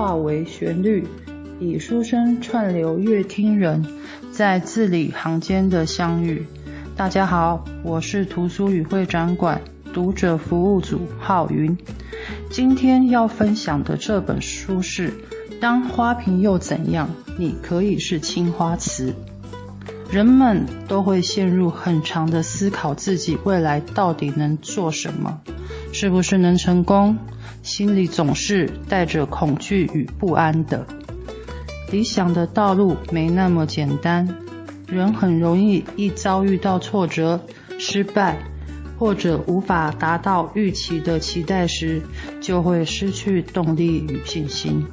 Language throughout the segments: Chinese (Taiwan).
化為旋律，以書聲串流。閱聽人，在字裡行間的相遇。大家好，我是圖書與會展館讀者服務組浩雲。今天要分享的這本書是《當花瓶又怎樣？你可以是青花瓷》。人們都會陷入很長的思考，自己未來到底能做什麼，是不是能成功？心裡總是帶着恐懼與不安的。理想的道路沒那麼簡單，人很容易一遭遇到挫折、失敗，或者無法達到預期的期待時，就會失去動力與信心。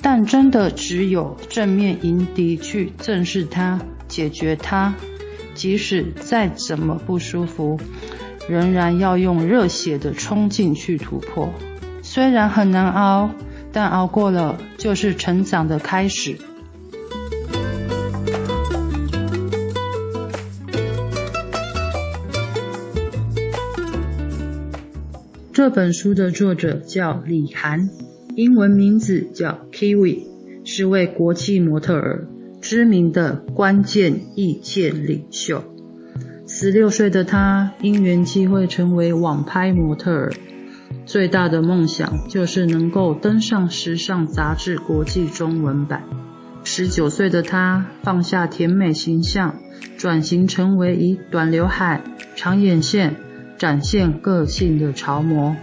但真的只有正面迎敵，去正視它、解決它，即使再怎麼不舒服，仍然要用熱血的衝勁去突破。雖然很難熬，但熬過了就是成長的開始。這本書的作者叫李函，英文名字叫 Kiwi，是位國際模特兒，知名的關鍵意見領袖。十六歲的他因緣際會成為網拍模特兒。最大的夢想就是能夠登上時尚雜誌國際中文版。十九歲的她放下甜美形象，轉型成為以短劉海、長眼線展現個性的潮模。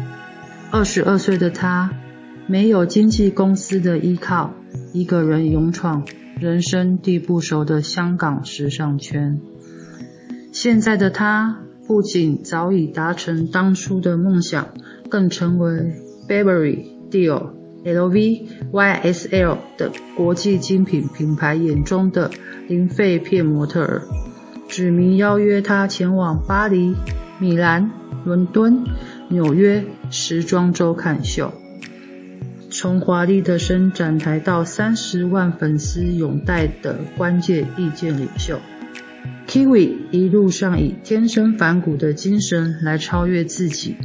二十二歲的她沒有經紀公司的依靠，一個人勇闖人生地不熟的香港時尚圈。現在的她不僅早已達成當初的夢想，更成為 Burberry、Dior、L V、Y S L 等國際精品品牌眼中的零廢片模特兒，指名邀約她前往巴黎、米蘭、倫敦、紐約時裝週看秀。從華麗的伸展台到三十萬粉絲擁戴的關鍵意見領袖，Kiwi 一路上以天生反骨的精神來超越自己。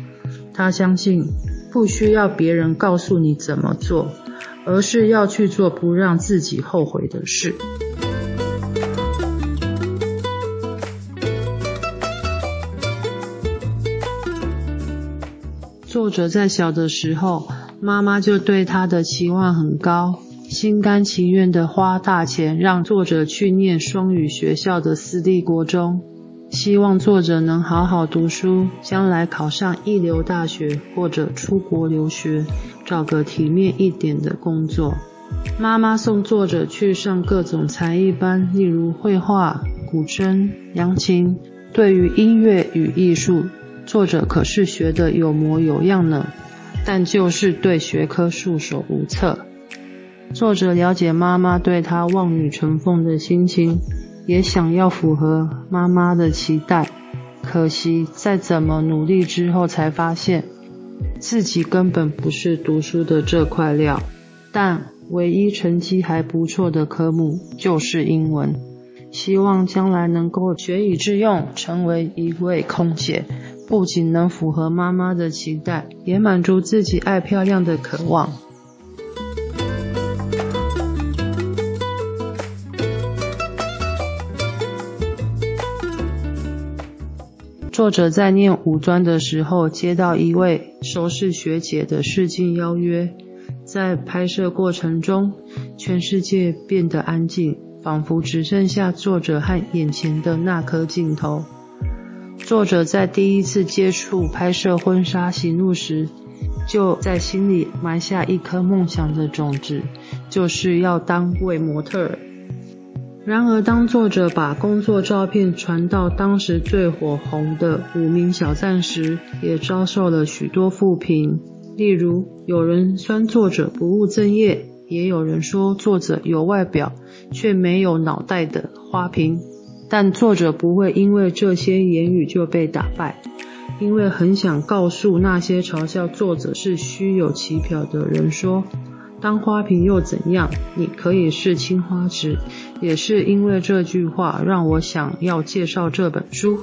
他相信，不需要別人告訴你怎麼做，而是要去做不讓自己後悔的事。作者在小的時候，媽媽就對他的期望很高，心甘情願地花大錢讓作者去念雙語學校的私立國中。希望作者能好好讀書，將來考上一流大學或者出國留學，找個體面一點的工作。媽媽送作者去上各種才藝班，例如繪畫、古箏、揚琴。對於音樂與藝術，作者可是學得有模有樣呢，但就是對學科束手無策。作者了解媽媽對她望女成鳳的心情。也想要符合媽媽的期待，可惜再怎麼努力之後，才發現自己根本不是讀書的這塊料。但唯一成績還不錯的科目就是英文，希望將來能夠學以致用，成為一位空姐，不僅能符合媽媽的期待，也滿足自己愛漂亮的渴望。作者在念五專的時候，接到一位熟識學姐的試鏡邀約。在拍攝過程中，全世界變得安靜，仿佛只剩下作者和眼前的那顆鏡頭。作者在第一次接觸拍攝婚紗寫真時，就在心裡埋下一顆夢想的種子，就是要當位模特兒。然而，當作者把工作照片傳到當時最火紅的無名小站時，也遭受了許多負評。例如，有人酸作者不務正業，也有人說作者有外表卻沒有腦袋的花瓶。但作者不會因為這些言語就被打敗，因為很想告訴那些嘲笑作者是虛有其表的人說。當花瓶又怎樣？你可以是青花瓷。也是因為這句話，讓我想要介紹這本書。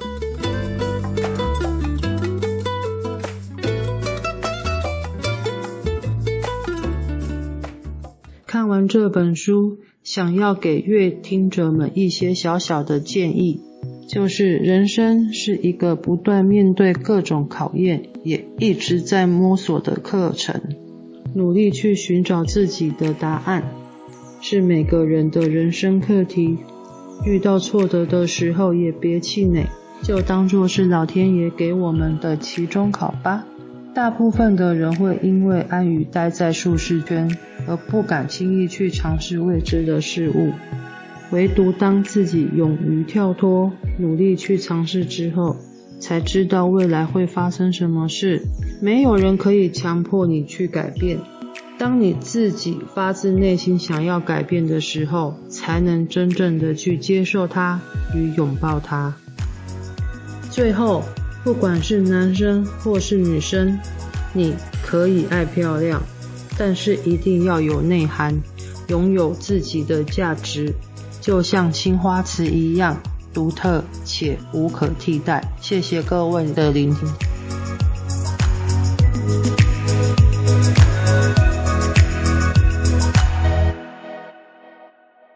看完這本書，想要給閱聽者們一些小小的建議，就是人生是一個不斷面對各種考驗，也一直在摸索的課程。努力去尋找自己的答案，是每個人的人生課題。遇到挫折的時候，也別氣餒，就當做是老天爺給我們的期中考吧。大部分的人會因為安於待在舒適圈，而不敢輕易去嘗試未知的事物。唯獨當自己勇於跳脫，努力去嘗試之後，才知道未來會發生什麼事。沒有人可以強迫你去改變。當你自己發自內心想要改變的時候，才能真正的去接受它與擁抱它。最後，不管是男生或是女生，你可以愛漂亮，但是一定要有內涵，擁有自己的價值，就像青花瓷一樣獨特且無可替代。謝謝各位的聆聽。